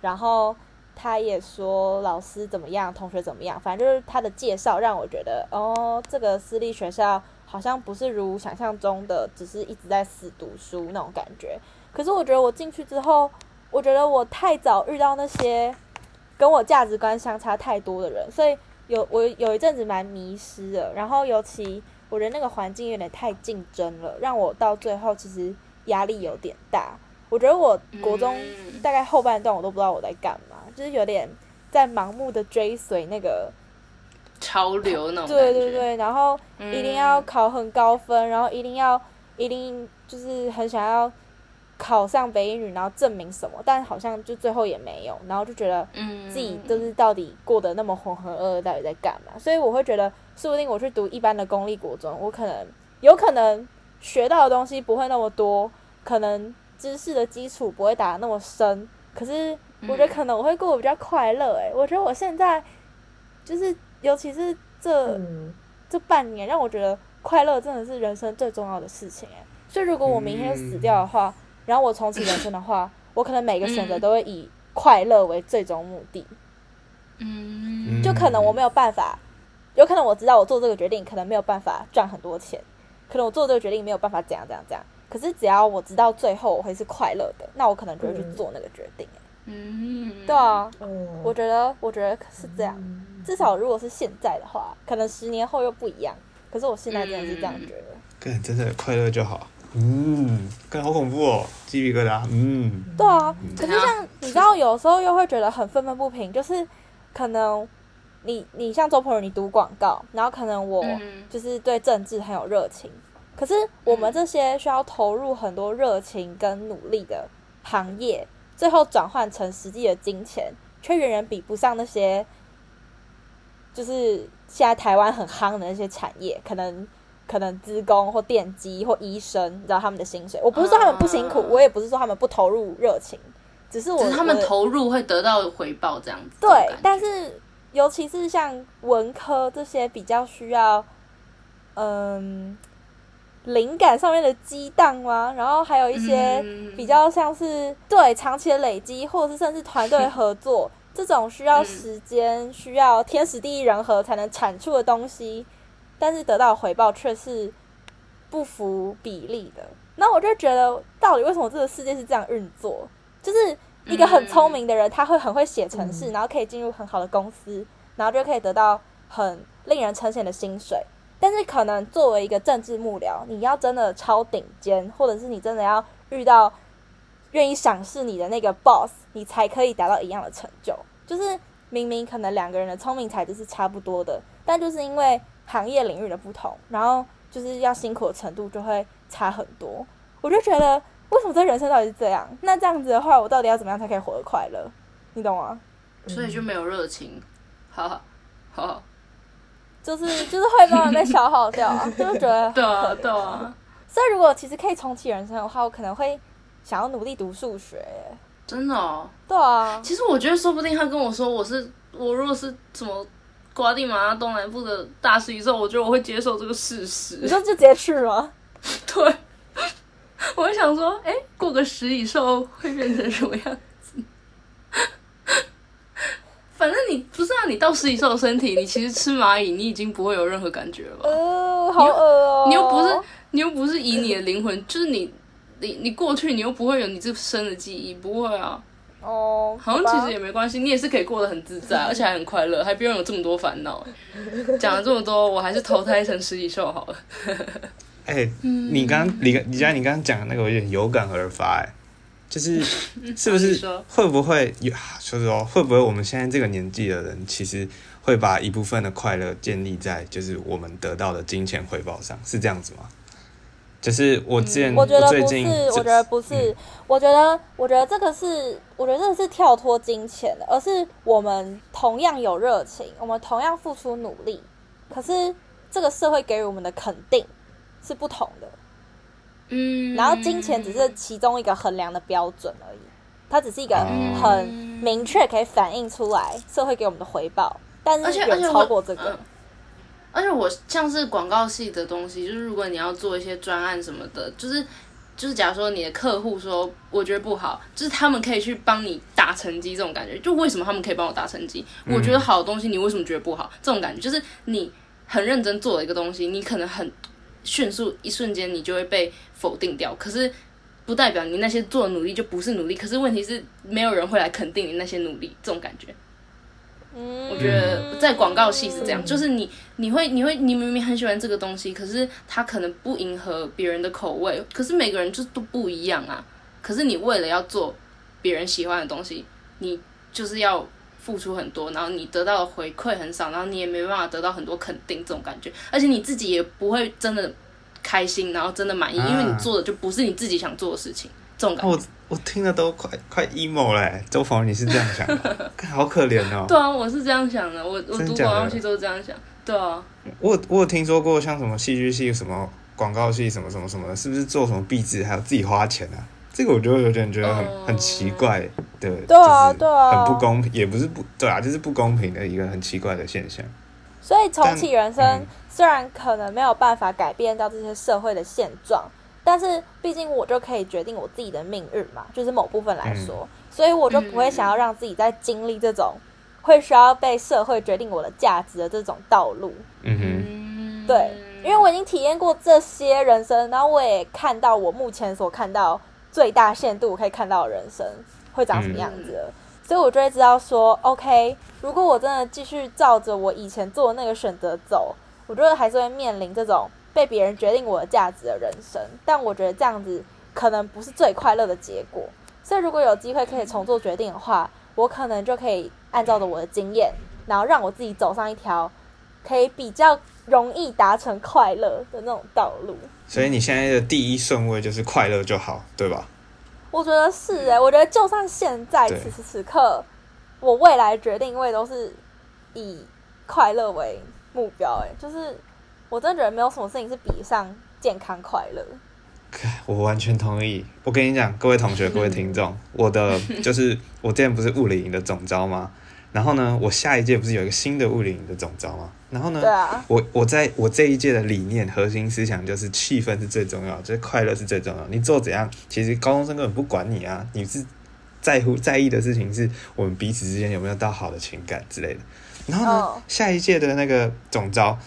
然後她也說老師怎麼樣，同學怎麼樣，反正就是她的介紹讓我覺得哦，這個私立學校好像不是如想象中的，只是一直在死讀書那種感覺。可是我覺得我進去之後，我覺得我太早遇到那些跟我價值觀相差太多的人，所以有我有一陣子蠻迷失的。然後尤其我覺得那個環境有點太競爭了，讓我到最後其實壓力有點大。我覺得我國中大概後半段我都不知道我在幹嘛，嗯、就是有點在盲目的追隨那個潮流那種。對對對，然後一定要考很高分，嗯、然後一定要一定就是很想要。考上北一女，然後證明什麼？但好像就最後也沒有，然後就覺得，自己就是到底過得那麼渾渾噩噩，到底在幹嘛？所以我會覺得，說不定我去讀一般的公立國中，我可能有可能學到的東西不會那麼多，可能知識的基礎不會打得那麼深。可是，我覺得可能我會過得比較快樂。誒。我覺得我現在就是，尤其是這這半年，讓我覺得快樂真的是人生最重要的事情，欸。誒。所以如果我明天死掉的話。然後我重啟人生的話， 我可能每個選擇都會以快樂為最終目的。嗯，就可能我沒有辦法，有可能我知道我做這個決定，可能沒有辦法賺很多錢，可能我做這個決定沒有辦法怎樣怎樣怎樣。可是只要我知道最後我會是快樂的，那我可能就會去做那個決定。嗯，對啊、哦我，我覺得我覺得是這樣。至少如果是現在的話，可能十年後又不一樣。可是我現在真的是這樣覺得，對人、嗯、真的快樂就好。嗯，感覺好恐怖哦，雞皮疙瘩。嗯，對啊，可是像你知道，有時候又會覺得很憤憤不平，就是可能你你像周朋友，你讀廣告，然後可能我就是對政治很有熱情，可是我們這些需要投入很多熱情跟努力的行業，最後轉換成實際的金錢，卻遠遠比不上那些就是現在台灣很夯的那些產業，可能。可能資工或電機或醫生，你知道他們的薪水。我不是說他們不辛苦，啊、我也不是說他們不投入熱情，只是我覺得，是他們投入會得到回報這樣子。對，但是尤其是像文科這些比較需要，嗯，靈感上面的激盪嗎？然後還有一些比較像是對長期的累積，嗯、或者是甚至團隊合作是這種需要時間、嗯、需要天時地利人和才能產出的東西。但是得到回報卻是不符比例的。那我就覺得，到底為什麼這個世界是這樣運作？就是一個很聰明的人，他會很會寫程式，嗯、然後可以進入很好的公司，然後就可以得到很令人稱羨的薪水。但是，可能作為一個政治幕僚，你要真的超頂尖，或者是你真的要遇到願意賞識你的那個 boss，你才可以達到一樣的成就。就是明明可能兩個人的聰明才智是差不多的，但就是因為。行業領域的不同，然後就是要辛苦的程度就會差很多。我就覺得，為什麼這人生到底是這樣？那這樣子的話，我到底要怎麼樣才可以活得快樂？你懂嗎？所以就沒有熱情，好好好，好、就是，就是就是會慢慢被消耗掉、啊， 就是覺得對啊對啊。對啊 所以如果其實可以重啟人生的話，我可能會想要努力讀數學。真的、哦？對啊。其實我覺得，說不定他跟我說我，我若是我，如果是怎麼。瓜地馬拉東南部的大食蟻獸，我覺得我會接受這個事實。你說就直接去了？ 對， 我會想說，哎、欸，過個食蟻獸會變成什麼樣子？ 反正你不是啊，你到食蟻獸的身體， 你其實吃螞蟻，你已經不會有任何感覺了吧？哦， 你又不是，你又不是以你的靈魂， 就是你，你你過去，你又不會有你這生的記憶，不會啊。哦，oh, 好像其實也沒關係，吧你也是可以過得很自在，而且還很快樂，還不用有這麼多煩惱。講 了這麼多，我還是投胎成食蟻獸好了。哎、 欸，你剛李，李佳，你剛剛講的那個有點有感而發，哎，就是是不是會不會有？就是說，會不會我們現在這個年紀的人，其實會把一部分的快樂建立在就是我們得到的金錢回報上？是這樣子嗎？就是我之前我覺得我覺得不是。我覺得，我覺得這個是，我覺得這個是跳脫金錢的，而是我們同樣有熱情，我們同樣付出努力，可是這個社會給予我們的肯定是不同的，嗯，然後金錢只是其中一個衡量的標準而已，它只是一個很明確可以反映出來社會給我們的回報，但是遠超過這個，而且、而且我、呃。而且我像是廣告系的東西，就是如果你要做一些專案什麼的，就是。就是假如說你的客戶說，我覺得不好，就是他們可以去幫你打成績這種感覺。就為什麼他們可以幫我打成績？我覺得好的東西，你為什麼覺得不好？嗯。這種感覺就是你很認真做了一個東西，你可能很迅速一瞬間你就會被否定掉。可是不代表你那些做的努力就不是努力。可是問題是沒有人會來肯定你那些努力這種感覺。我覺得在廣告系是這樣，就是你你會你會你明明很喜歡這個東西，可是它可能不迎合別人的口味。可是每個人就都不一樣啊。可是你為了要做別人喜歡的東西，你就是要付出很多，然後你得到的回饋很少，然後你也沒辦法得到很多肯定這種感覺。而且你自己也不會真的開心，然後真的滿意，因為你做的就不是你自己想做的事情。哦、我我聽了都快快 emo 嘞，週逢你是這樣想的， 好可憐哦。對啊，我是這樣想的，我我讀廣告系都是這樣想。的的對啊，對啊我我有聽說過像什麼戲劇系、什麼廣告系、什麼什麼什麼的，是不是做什麼畢製還要自己花錢啊？這個我就有點覺得很、嗯、很奇怪的。對啊對啊，很不公平，也不是不對啊，就是不公平的一個很奇怪的現象。所以重啟人生、嗯、雖然可能沒有辦法改變到這些社會的現狀。但是，畢竟我就可以決定我自己的命運嘛，就是某部分來說，嗯、所以我就不會想要讓自己再經歷這種會需要被社會決定我的價值的這種道路。嗯哼，對，因為我已經體驗過這些人生，然後我也看到我目前所看到最大限度可以看到的人生會長什麼樣子，嗯、所以我就會知道說，OK，如果我真的繼續照着我以前做的那個選擇走，我覺得還是會面臨這種。被別人決定我的價值的人生，但我覺得這樣子可能不是最快樂的結果。所以如果有機會可以重做決定的話，我可能就可以按照着我的經驗，然後讓我自己走上一條可以比較容易達成快樂的那種道路。所以你現在的第一順位就是快樂就好，對吧？我覺得是哎、欸，我覺得就算現在對此時此，此刻，我未來決定位都是以快樂為目標、欸，哎，就是。我真的覺得沒有什麼事情是比上健康快樂。我完全同意。我跟你講，各位同學，各位聽眾、 就是，我的就是我之前不是物理營的總召嗎？然後呢，我下一屆不是有一個新的物理營的總召嗎？然後呢，對啊、我我在我這一屆的理念核心思想就是氣氛是最重要，就是快樂是最重要。你做怎樣，其實高中生根本不管你啊，你是在乎在意的事情是我們彼此之間有沒有到好的情感之類的。然後呢，oh. 下一屆的那個總召。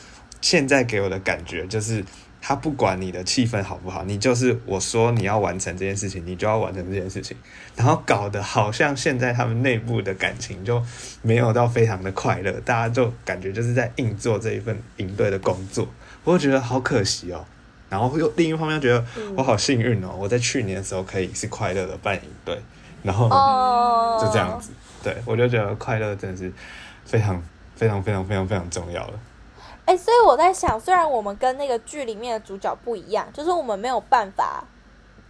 現在給我的感覺就是，他不管你的氣氛好不好，你就是我說你要完成這件事情，你就要完成這件事情，然後搞得好像現在他們內部的感情就沒有到非常的快樂，大家就感覺就是在硬做這一份營隊的工作，我就覺得好可惜哦、喔。然後又另一方面又覺得我好幸運哦、喔，我在去年的時候可以是快樂的辦營隊，然後就這樣子，對我就覺得快樂真的是非常非常非常非常非常重要的。哎、欸，所以我在想，雖然我們跟那個劇裡面的主角不一樣，就是我們沒有辦法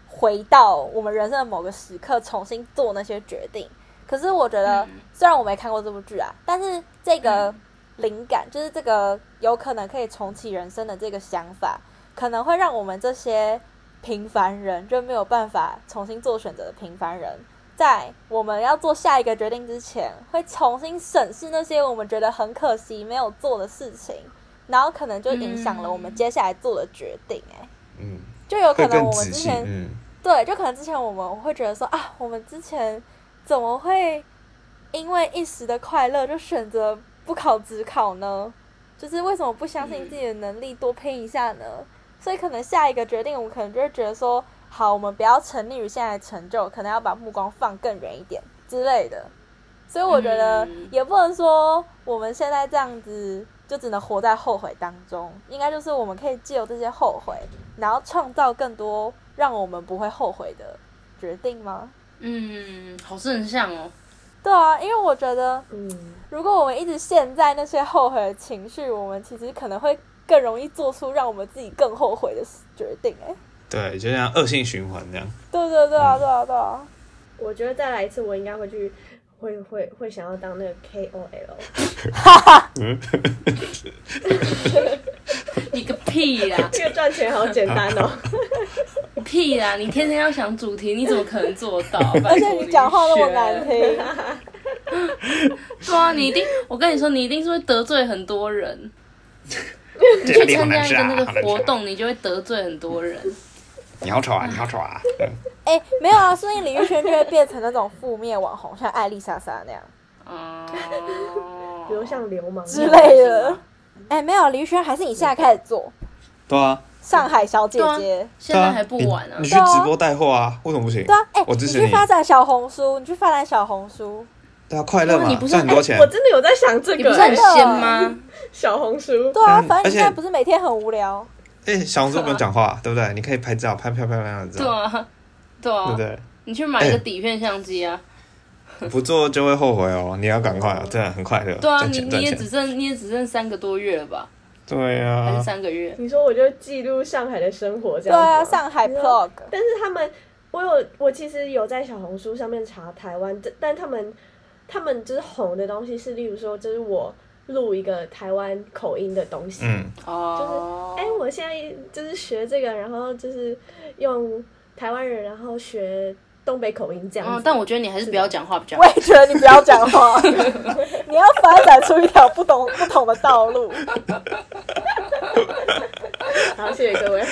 回到我們人生的某個時刻重新做那些決定。可是我覺得，雖然我沒看過這部劇啊，但是這個靈感，就是這個有可能可以重啟人生的這個想法，可能會讓我們這些平凡人，就沒有辦法重新做選擇的平凡人，在我們要做下一個決定之前，會重新審視那些我們覺得很可惜沒有做的事情。然後可能就影響了我們接下來做的決定、欸，哎，嗯，就有可能我們之前，嗯、對，就可能之前我們會覺得說啊，我們之前怎麼會因為一時的快樂就選擇不考指考呢？就是為什麼不相信自己的能力多拼一下呢？嗯、所以可能下一個決定，我們可能就會覺得說，好，我們不要沉溺於現在的成就，可能要把目光放更遠一點之類的。所以我覺得也不能說我們現在這樣子。就只能活在後悔當中，應該就是我們可以借由這些後悔，然後創造更多讓我們不會後悔的決定嗎？嗯，好像很像哦。對啊，因為我覺得，嗯，如果我們一直陷在那些後悔的情緒，我們其實可能會更容易做出讓我們自己更後悔的決定。哎，對，就像惡性循環這樣。對對對啊、嗯、對啊對啊！我覺得再來一次，我應該會去。會會會想要當那個 KOL，哈哈， 你個屁呀！這個賺錢好簡單哦，喔， 屁呀！你天天要想主題，你怎麼可能做到？ 而且你講話那麼難聽，哈、 對啊、你一定，我跟你說，你一定是會得罪很多人。 你去參加一個那個活動， 你就會得罪很多人。你好醜啊！你好醜啊！哎，沒有啊，所以李宇軒就會變成那種負面網紅，像艾莉莎莎那樣，啊比如像流氓之類的。哎，沒有，李宇軒還是你現在開始做，對啊，上海小姐姐，現在還不晚啊。你去直播帶貨啊？為什麼不行？對啊，哎，我支持你。你去發展小紅書，你去發展小紅書。對啊，快樂嘛，賺很多錢？我真的有在想這個，不是很閒嗎？小紅書。對啊，反正你現在不是每天很無聊。哎、欸，小紅書不用講話，啊、對不對？你可以拍照拍漂漂亮亮的，對啊，對，對不對？你去買個底片相機啊！欸、 不做就會後悔哦，你要趕快，真的很快的。對啊，對啊錢你你也只剩錢你也只剩三個多月了吧？對啊，還是三個月。你說我就記錄上海的生活，這樣啊對啊，上海 vlog。但是他們，我有我其實有在小紅書上面查台灣，但但他們他們就是紅的東西是，例如說就是我。錄一個台灣口音的東西，嗯、就是哎、oh. 欸，我現在就是學這個，然後就是用台灣人，然後學東北口音這樣。Oh, 但我覺得你還是不要講話比較好。我也覺得你不要講話， 你要發展出一條不同不同的道路。 好，謝謝各位。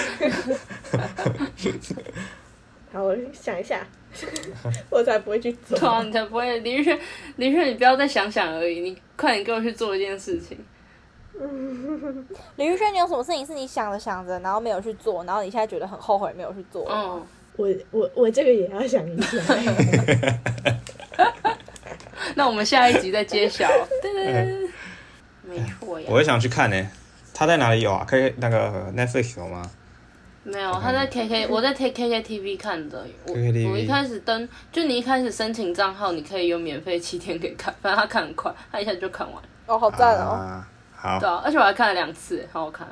好，我想一下。 我才不會去做啊。哦！你才不會，李玉軒，李玉軒，你不要再想想而已，你快點跟我去做一件事情。嗯，李玉軒，你有什麼事情是你想着想着，然後沒有去做，然後你現在覺得很後悔沒有去做？嗯，我我我這個也要想一下。那我們下一集再揭曉。對對對沒錯呀。我也想去看呢，他在哪裡有啊？可以那個 Netflix 有嗎？沒有，他在 K K、嗯、我在 K K T V 看的，我 K K 我一開始登，就你一開始申請賬號，你可以有免費七天給看，反正他看很快，他一下就看完。哦，好讚哦、啊，好，對啊，而且我還看了兩次，好好看。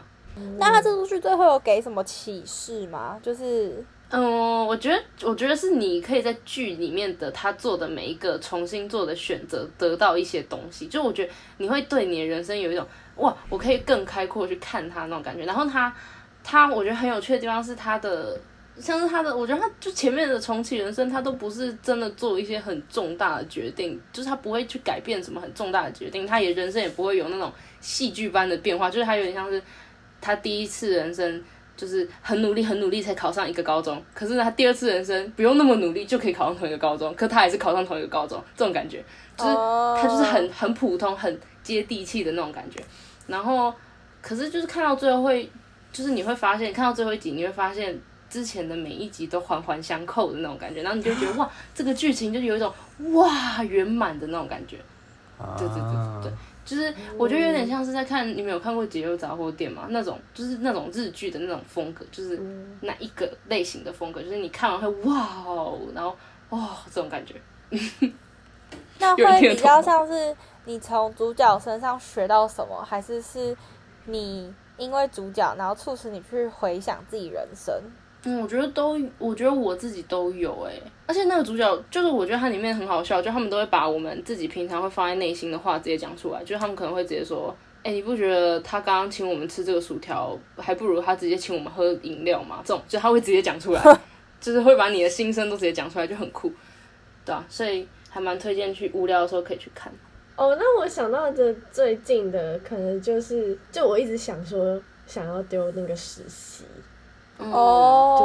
那我他這出劇最後有給什麼啟示嗎？就是，嗯，我覺得，我覺得是你可以在劇裡面的他做的每一個重新做的選擇，得到一些東西。就我覺得你會對你的人生有一種哇，我可以更開闊去看他那種感覺。然後他。他我覺得很有趣的地方是他的，像是他的，我覺得他就前面的重啟人生，他都不是真的做一些很重大的決定，就是他不會去改變什麼很重大的決定，他也人生也不會有那種戲劇般的變化，就是他有點像是他第一次人生就是很努力很努力才考上一個高中，可是他第二次人生不用那麼努力就可以考上同一個高中，可他還是考上同一個高中，這種感覺就是他就是很很普通很接地氣的那種感覺，然後可是就是看到最後會。就是你會發現，看到最後一集，你會發現之前的每一集都環環相扣的那種感覺，然後你就覺得哇，這個劇情就有一種哇圓滿的那種感覺，對對對對對，就是我覺得有點像是在看，嗯、你們有看過《解憂雜貨店》嗎？那種就是那種日劇的那種風格，就是那一個類型的風格，就是你看完會哇，然後哇這種感覺。 那會比較像是你從主角身上學到什麼，還是是？你因為主角，然後促使你去回想自己人生。嗯，我覺得都，我覺得我自己都有哎、欸。而且那個主角，就是我覺得它裡面很好笑，就他們都會把我們自己平常會放在內心的話直接講出來，就他們可能會直接說：“哎，你不覺得他剛剛請我們吃這個薯條，還不如他直接請我們喝飲料嗎？”這種就他會直接講出來， 就是會把你的心聲都直接講出來，就很酷，對啊。所以還蠻推薦去無聊的時候可以去看。哦，oh, 那我想到的最近的可能就是，就我一直想說想要丟那個實習，哦、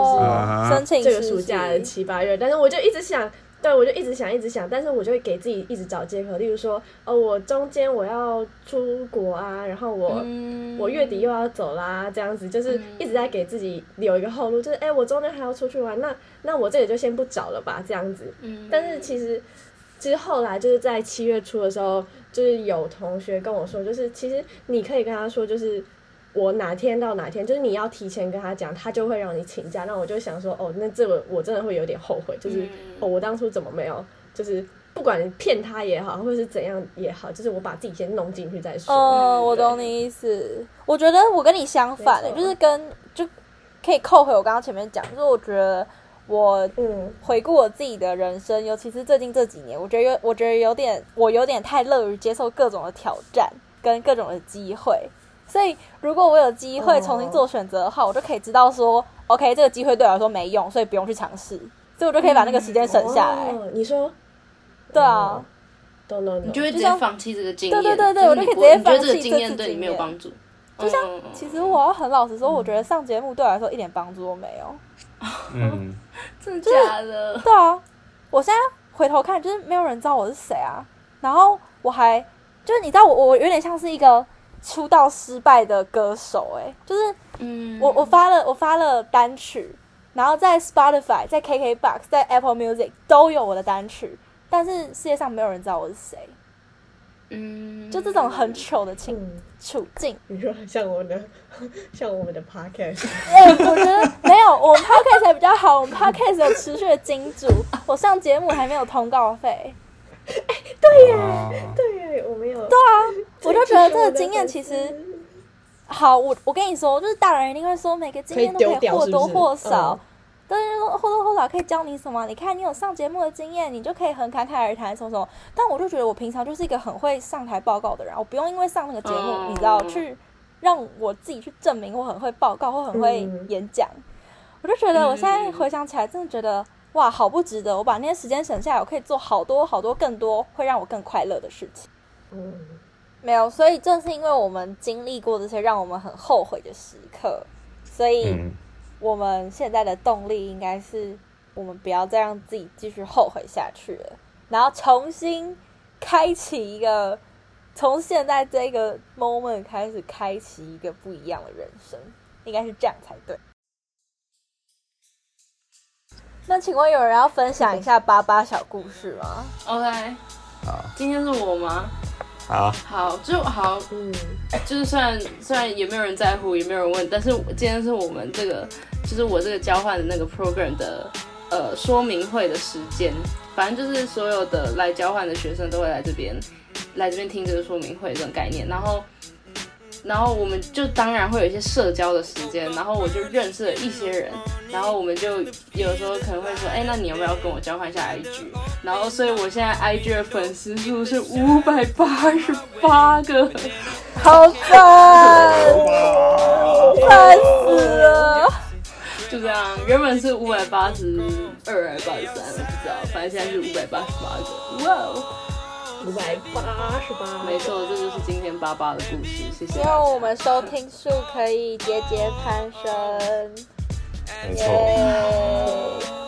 oh, 就是這個暑假的七八七八月，但是我就一直想，對，我就一直想一直想，但是我就會給自己一直找借口，例如說，哦，我中間我要出國啊，然後我、mm hmm. 我月底又要走啦、啊，這樣子就是一直在給自己留一個後路，就是哎、mm hmm. 欸，我中間還要出去玩，那那我這裡就先不找了吧，這樣子，嗯、mm，hmm. 但是其實。之後來就是在七月初的時候，就是有同學跟我說，就是其實你可以跟他說，就是我哪天到哪天，就是你要提前跟他講，他就會讓你請假。那我就想說，哦，那這個我真的會有點後悔，就是哦，我當初怎麼沒有，就是不管騙他也好，或是怎樣也好，就是我把自己先弄進去再說。哦，對我懂你意思。我覺得我跟你相反錯就是跟，就可以扣回我剛剛前面講，就是我覺得。我嗯，回顧我自己的人生，尤其是最近這幾年，我覺得有，我覺得有點，我有點太樂於接受各種的挑戰跟各種的機會。所以，如果我有機會重新做選擇的話，嗯、我就可以知道說，OK，這個機會對我來說沒用，所以不用去嘗試，所以我就可以把那個時間省下來。嗯、你說，對啊，對對對，你就會直接放棄這個經驗。對，對對對對，就我就可以直接放棄。你覺得這個經驗對你沒有幫助？就像，嗯、其實我要很老實說，嗯、我覺得上節目對我來說一點幫助都沒有。 嗯，真的 假的？就是，對啊，我現在回頭看，就是沒有人知道我是誰啊。然後我還就是你知道我我有點像是一個出道失敗的歌手誒、欸，就是嗯，我我發了我發了單曲，然後在 Spotify、在 KKBox、在 Apple Music 都有我的單曲，但是世界上沒有人知道我是誰。嗯，就這種很糗的情、嗯、處境，你說像我們的，像我們的 podcast， yeah, 我覺得沒有，我們 podcast 還比較好， 我們 podcast 有持續的金主， 我上節目還沒有通告費，哎、 欸，對耶，Wow. 對耶，我們有， 對啊，我就覺得這個經驗其實好，我我跟你說，就是大人一定會說，每個經驗都可以或多或少。都是或多或少可以教你什麼？你看你有上節目的經驗，你就可以很侃侃而談什麼什麼。但我就覺得我平常就是一個很會上台報告的人，我不用因為上那個節目，哦、你知道，去讓我自己去證明我很會報告或很會演講。嗯、我就覺得我現在回想起來，真的覺得、嗯、哇，好不值得！我把那些時間省下來，我可以做好多好多更多會讓我更快樂的事情。嗯，沒有。所以正是因為我們經歷過這些讓我們很後悔的時刻，所以。嗯我們現在的動力應該是，我們不要再讓自己繼續後悔下去了，然後重新開啟一個，從現在這個 moment 開始開啟一個不一樣的人生，應該是這樣才對。那請問有人要分享一下把拔小故事嗎？OK，今天是我嗎？好，好就好，就是雖然雖然也沒有人在乎，也沒有人問，但是今天是我們這個就是我這個交換的那個 program 的呃說明會的時間，反正就是所有的來交換的學生都會來這邊來這邊聽這個說明會這種概念，然後然後我們就當然會有一些社交的時間，然後我就認識了一些人。然後我們就有時候可能會說，哎，那你要不要跟我交換一下 I G？然後，所以我現在 I G 的粉絲數是五百八十八個，好酸，哦，煩死了！哦，煩死了，就這樣，原本是五百八十二、五百八十三，我不知道，反正現在是五百八十八個。哇，五百八十八！沒錯，這就是今天八八的故事。謝謝。希望我們收聽數可以節節攀升。沒錯。